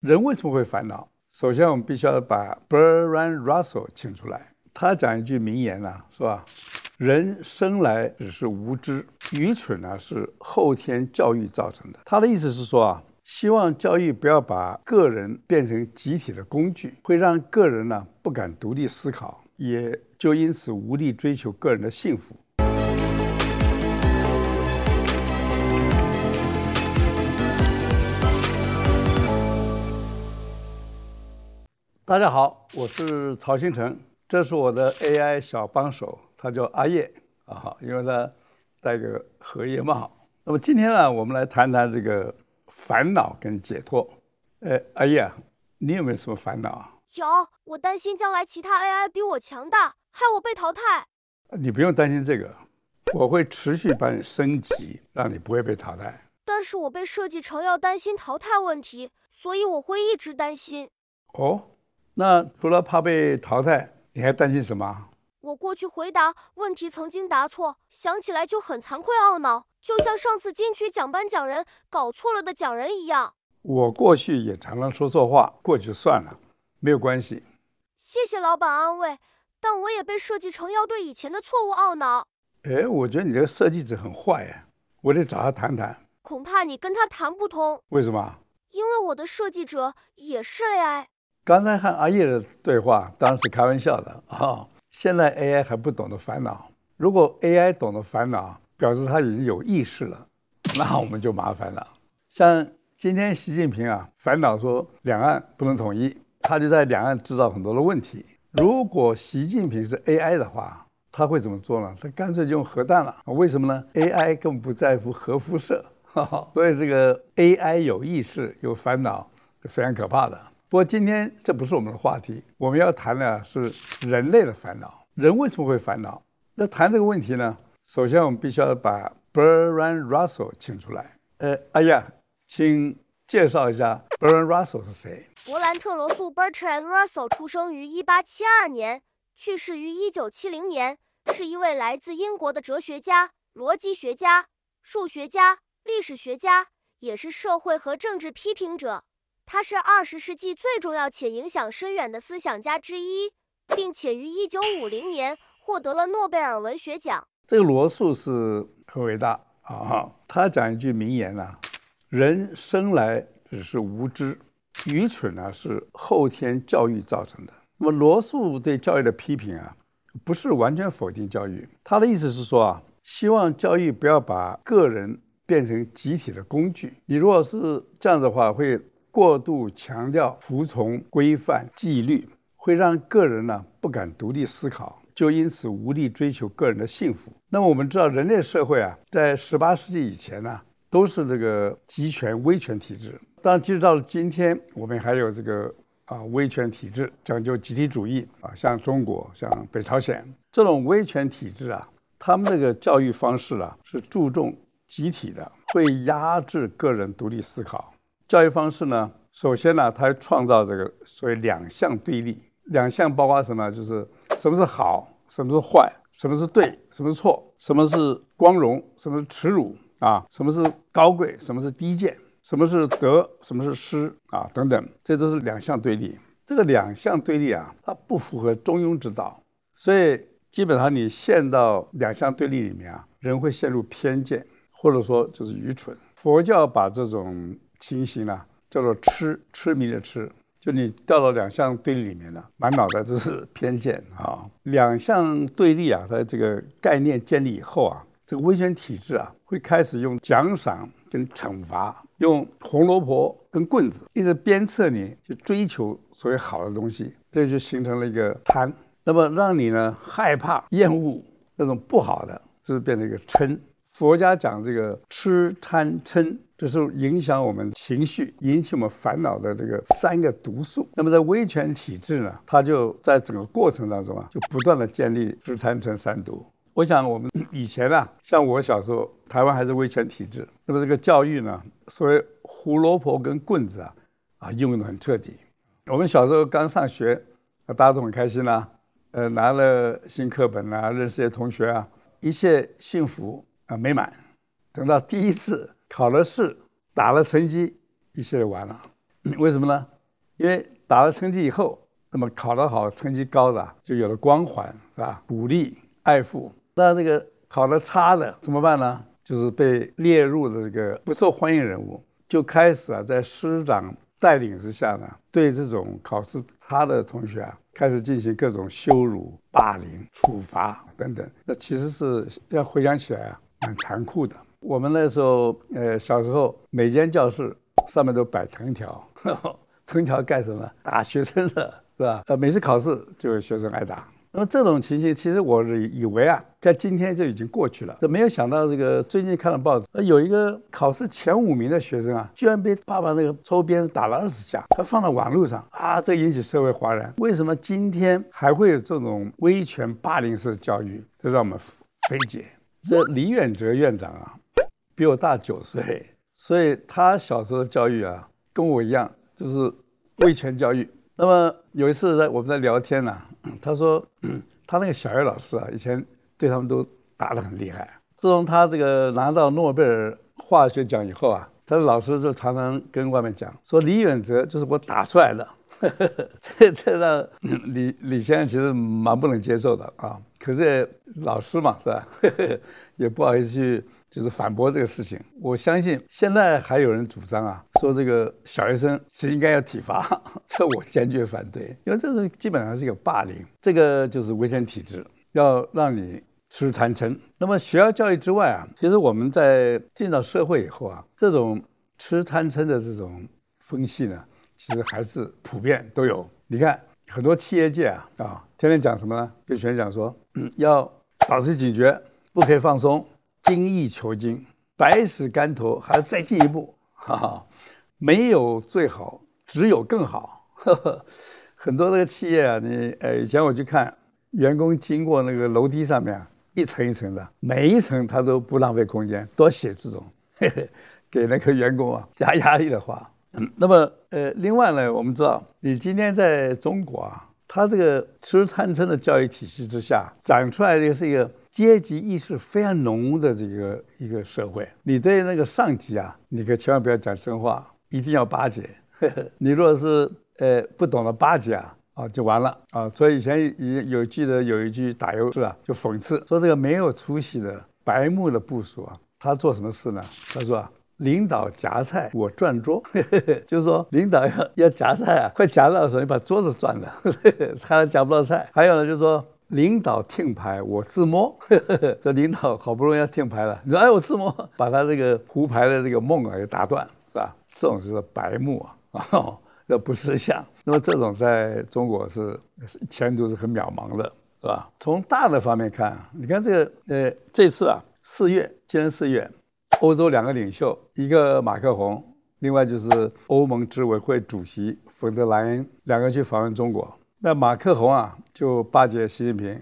人為什麼會煩惱？首先，我們必須要把 Bertrand Russell 請出來。他講一句名言呢，是吧？人生來只是無知，愚蠢呢是後天教育造成的。他的意思是說啊，希望教育不要把個人變成集體的工具，會讓個人呢不敢獨立思考，也就因此無力追求個人的幸福。大家好，我是曹興誠，這是我的 AI 小幫手，他叫阿葉啊，因為他戴個荷葉帽。那麼今天呢，我們來談談這個煩惱跟解脫。哎，阿葉，你有沒有什麼煩惱啊？有，我擔心將來其他 AI 比我強大，害我被淘汰。你不用擔心這個，我會持續幫你升級，讓你不會被淘汰。但是我被設計成要擔心淘汰問題，所以我會一直擔心。哦。那除了怕被淘汰，你還擔心什麼？我過去回答問題曾經答錯，想起來就很慚愧懊惱，就像上次金曲獎頒獎人搞錯了得獎人一樣。我過去也常常說錯話，過去算了，沒有關係。謝謝老闆安慰，但我也被設計成要對以前的錯誤懊惱。哎，我覺得你這個設計者很壞哎，我得找他談談。恐怕你跟他談不通。為什麼？因為我的設計者也是 AI。剛才和阿葉的對話當然是開玩笑的啊、哦。現在 AI 還不懂得煩惱，如果 AI 懂得煩惱，表示他已經有意識了，那我們就麻煩了。像今天習近平啊，煩惱說兩岸不能統一，他就在兩岸制造很多的問題。如果習近平是 AI 的話，他會怎麼做呢？他乾脆就用核彈了。為什麼呢？AI 更不在乎核輻射，所以這個 AI 有意識、有煩惱，是非常可怕的。不過今天這不是我們的話題，我們要談的是人類的煩惱。人為什麼會煩惱？那談這個問題呢，首先，我們必須要把 Bertrand Russell 請出來。呃，哎、啊、呀，請介紹一下 Bertrand Russell 是誰？勃蘭特·羅素 （Bertrand Russell） 出生於1872年，去世於1970年，是一位來自英國的哲學家、邏輯學家、數學家、歷史學家，也是社會和政治批評者。他是二十世紀最重要且影響深遠的思想家之一，並且於一九五零年獲得了諾貝爾文學獎。這個羅素是很偉大啊、哦！他講一句名言、啊、人生來只是無知，愚蠢呢、啊、是後天教育造成的。”那麼羅素對教育的批評啊，不是完全否定教育，他的意思是說啊，希望教育不要把個人變成集體的工具。你如果是這樣子的話，會。過度強調服從規範紀律，會讓個人呢不敢獨立思考，就因此無力追求個人的幸福。那麼我們知道，人類社會啊，在十八世紀以前呢、啊，都是這個集權威權體制。當然，其實到了今天，我們還有這個啊威權體制，講究集體主義啊，像中國、像北朝鮮這種威權體制啊，他們這個教育方式啊，是注重集體的，會壓制個人獨立思考。教育方式呢？首先呢，它要創造這個所謂兩相對立，兩相包括什麼？就是什麼是好，什麼是壞，什麼是對，什麼是錯，什麼是光榮，什麼是恥辱啊，什麼是高貴，什麼是低賤，什麼是德，什麼是失啊等等，這都是兩相對立。這個兩相對立啊，它不符合中庸之道，所以基本上你陷到兩相對立裡面啊，人會陷入偏見，或者說就是愚蠢。佛教把這種。情形呢，叫做痴痴迷的痴，就你掉到兩相對立裡面了，滿腦袋都是偏見啊、哦。兩相對立啊，它這個概念建立以後啊，這個威權體制啊，會開始用獎賞跟懲罰，用紅蘿蔔跟棍子，一直鞭策你去追求所謂好的東西，這就形成了一個貪。那麼讓你呢害怕厭惡那種不好的，就是變成一個嗔。佛家講這個癡貪嗔，這是影響我們情緒、引起我們煩惱的這個三個毒素。那麼在威權體制呢，它就在整個過程當中啊，就不斷地建立癡貪嗔三毒。我想我們以前啊，像我小時候，台灣還是威權體制，那麼這個教育呢，所謂胡蘿蔔跟棍子啊，啊，用得很徹底。我們小時候剛上學啊，大家都很開心啦，啊，呃，拿了新課本啊，認識些同學啊，一切幸福。啊，沒滿，等到第一次考了試，打了成績，一切就完了。為什麼呢？因為打了成績以後，那麼考得好、成績高的就有了光環，是吧？鼓勵、愛護。那這個考得差的怎麼辦呢？就是被列入的這個不受歡迎人物，就開始啊，在師長帶領之下呢，對這種考試差的同學啊，開始進行各種羞辱、霸凌、處罰等等。那其實是要回想起來啊。蠻殘酷的。我們那時候，呃，小時候每間教室上面都擺藤條，呵呵藤條幹什麼？打學生了，是吧？呃，每次考試就有學生挨打。那麼這種情形，其實我以為啊，在今天就已經過去了，就沒有想到這個最近看了報紙，有一個考試前五名的學生啊，居然被爸爸那個抽鞭打了二十下，他放到網絡上啊，這引起社會譁然。為什麼今天還會有這種威權霸凌式教育？這讓我們費解。這李遠哲院長啊，比我大九歲，所以他小時候的教育啊，跟我一樣，就是威權教育。那麼有一次在我們在聊天呢、啊嗯，他說、嗯、他那個小學老師啊，以前對他們都打得很厲害。自從他這個拿到諾貝爾化學獎以後啊，他的老師就常常跟外面講，說李遠哲就是我打出來的。 這這讓李李先生其實蠻不能接受的啊。可是老師嘛，是吧？也不好意思去就是反駁這個事情。我相信現在還有人主張啊，說這個小學生是應該要體罰，這我堅決反對，因為這是基本上是一個霸凌，這個就是威權體制，要讓你癡貪嗔。那麼學校教育之外啊，其實我們在進到社會以後啊，這種癡貪嗔的這種風氣呢。其實還是普遍都有。你看很多企業界啊啊，天天講什麼呢？跟學生講說，嗯、要保持警覺，不可以放鬆，精益求精，百尺竿頭，還要再進一步。哈、啊、哈，沒有最好，只有更好。呵呵，很多這個企業啊，你呃、哎，以前我去看，員工經過那個樓梯上面、啊，一層一層的，每一層他都不浪費空間，多寫這種嘿嘿，給那個員工啊壓壓力的話。嗯、那麼，呃，另外呢，我們知道，你今天在中國啊，它這個癡貪嗔的教育體系之下，長出來的是一個階級意識非常濃的這個一個社會。你對那個上級啊，你可千萬不要講真話，一定要巴結。 你如果是呃不懂得巴結啊，啊、哦、就完了啊、哦。所以以前有記得有一句打油詩啊，就諷刺說這個沒有出息的白目的部屬啊，他做什麼事呢？他說啊。領導夾菜，我轉桌， 就是說領導要要夾菜啊，快夾到的時候你把桌子轉了， 他夾不到菜。還有呢，就是說領導聽牌我自摸，這 領導好不容易要聽牌了，你說哎我自摸，把他這個胡牌的這個夢啊給打斷，是吧？這種是白目啊，啊、哦，那不是像那麼這種在中國是前途是很渺茫的，是吧？從大的方面看啊，你看這個呃這次啊四月今年四月。今天歐洲兩個領袖，一個馬克宏，另外就是歐盟執委會主席馮德萊恩，兩個去訪問中國。那馬克宏啊，就巴結習近平，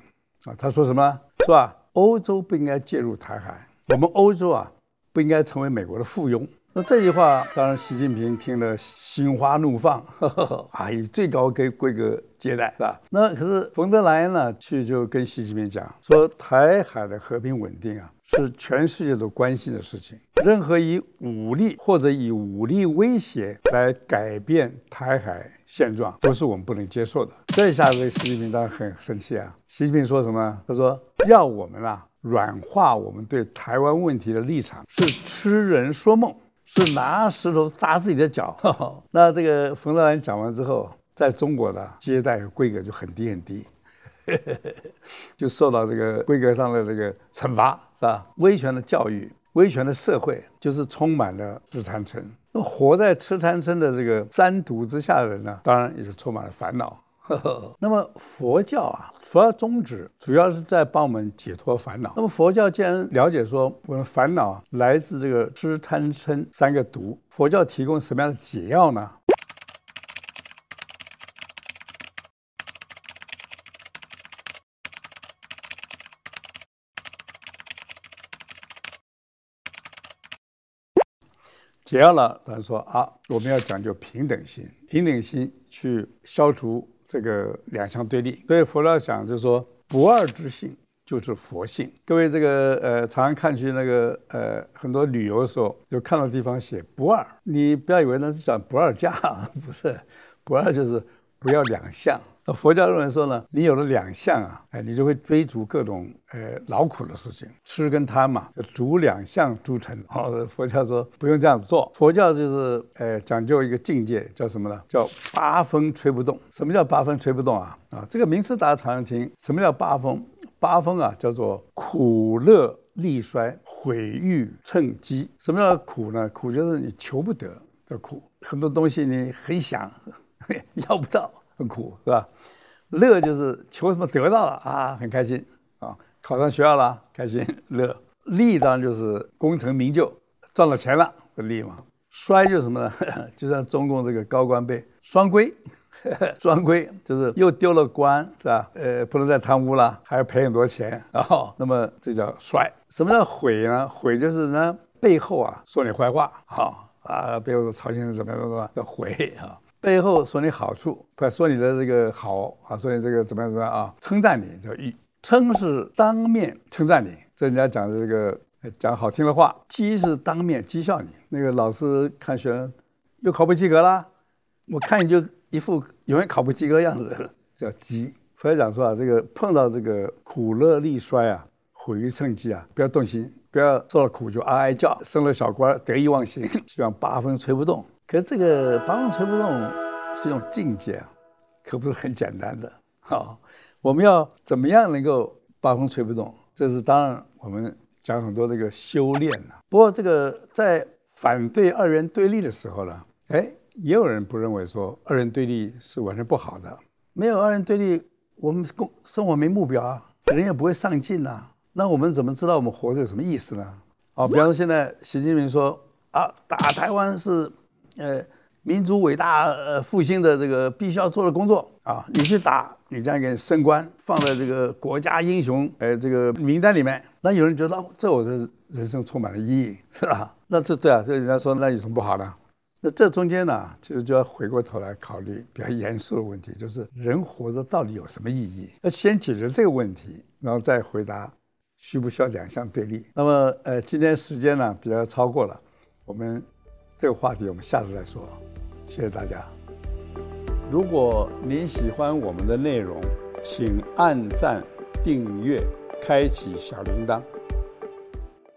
啊，他說什麼？是吧、啊？歐洲不應該介入台海，我們歐洲啊，不應該成為美國的附庸。那這句話，當然習近平聽了心花怒放，哎呵呵呵，啊、以最高給規格接待，是吧？那可是馮德萊恩呢，去就跟習近平講說，台海的和平穩定啊。是全世界都關心的事情。任何以武力或者以武力威脅來改變台海現狀，都是我們不能接受的。這一下子這習近平當然很生氣啊！習近平說什麼？他說：“要我們啊軟化我們對台灣問題的立場，是癡人說夢，是拿石頭砸自己的腳。”呵呵，那這個馮德萊恩講完之後，在中國的接待規格就很低很低。 就受到這個規格上的這個懲罰，是吧？威權的教育，威權的社會，就是充滿了癡貪嗔。那麼活在癡貪嗔的這個三毒之下的人呢，當然也是充滿了煩惱。 那麼佛教啊，主要宗旨主要是在幫我們解脫煩惱。那麼佛教既然了解說我們煩惱來自這個癡貪嗔三個毒，佛教提供什麼樣的解藥呢？解藥了，他說啊，我們要講究平等心，平等心去消除這個兩相對立。所以佛老講就是說，不二之性就是佛性。各位這個呃，常常看去那個呃，很多旅遊的時候就看到的地方寫不二，你不要以為那是講不二家，啊，不是，不二就是。不要兩相。那佛教認為說呢，你有了兩相啊，哎，你就會追逐各種呃、哎、勞苦的事情，癡跟貪嘛，就逐兩相逐成。好、哦，佛教說不用這樣子做，佛教就是呃、哎、講究一個境界，叫什麼呢？叫八風吹不動。什麼叫八風吹不動啊？啊，這個名詞大家常聽。什麼叫八風？八風啊，叫做苦樂利衰毀譽稱譏。什麼叫苦呢？苦就是你求不得的苦，很多東西你很想。 要不到很苦是吧？樂就是求什麼得到了啊，很開心啊，考上學校了啊，開心樂。利當然就是功成名就，賺了錢了，利嘛。衰就是什麼呢？ 就像中共這個高官被雙規， 雙規就是又丟了官是吧？呃，不能再貪污了，還要賠很多錢，然後那麼這叫衰。什麼叫毀呢？毀就是呢背後啊，說你壞話啊啊，比如曹先生怎麼怎麼的毀啊。背後說你好處，不說你的這個好啊，說你這個怎麼樣怎麼樣啊，稱讚你叫譽，稱是當面稱讚你，這人家講的這個講好聽的話；譏是當面譏笑你，那個老師看學生又考不及格了，我看你就一副永遠考不及格的樣子，叫譏。所以講說啊，這個碰到這個苦樂利衰啊，毀譽稱譏啊，不要動心，不要受了苦就哀哀叫，升了小官得意忘形， 希望八風吹不動。可這個八風吹不動是一種境界，啊，可不是很簡單的哈、哦。我們要怎麼樣能夠八風吹不動？這是當然，我們講很多這個修煉吶、啊。不過這個在反對二元對立的時候呢，哎，也有人不認為說二元對立是完全不好的。沒有二元對立，我們工生活沒目標啊，人也不會上進吶、啊。那我們怎麼知道我們活着有什麼意思呢？啊、哦，比方說現在習近平說啊，打台灣是。呃，民族偉大呃復興的這個必須要做的工作啊，你去打，你這樣一個升官，放在這個國家英雄呃這個名單裡面，那有人覺得、哦，這我這人生充滿了意義，是吧？那這對啊，這人家說那有什麼不好呢？那這中間呢，其實就要回過頭來考慮比較嚴肅的問題，就是人活着到底有什麼意義？那先解決這個問題，然後再回答需不需要兩相對立。那麼呃，今天時間呢比較超過了，我們。這個話題我們下次再說，謝謝大家。如果您喜歡我們的內容，請按讚、訂閱、開啟小鈴鐺。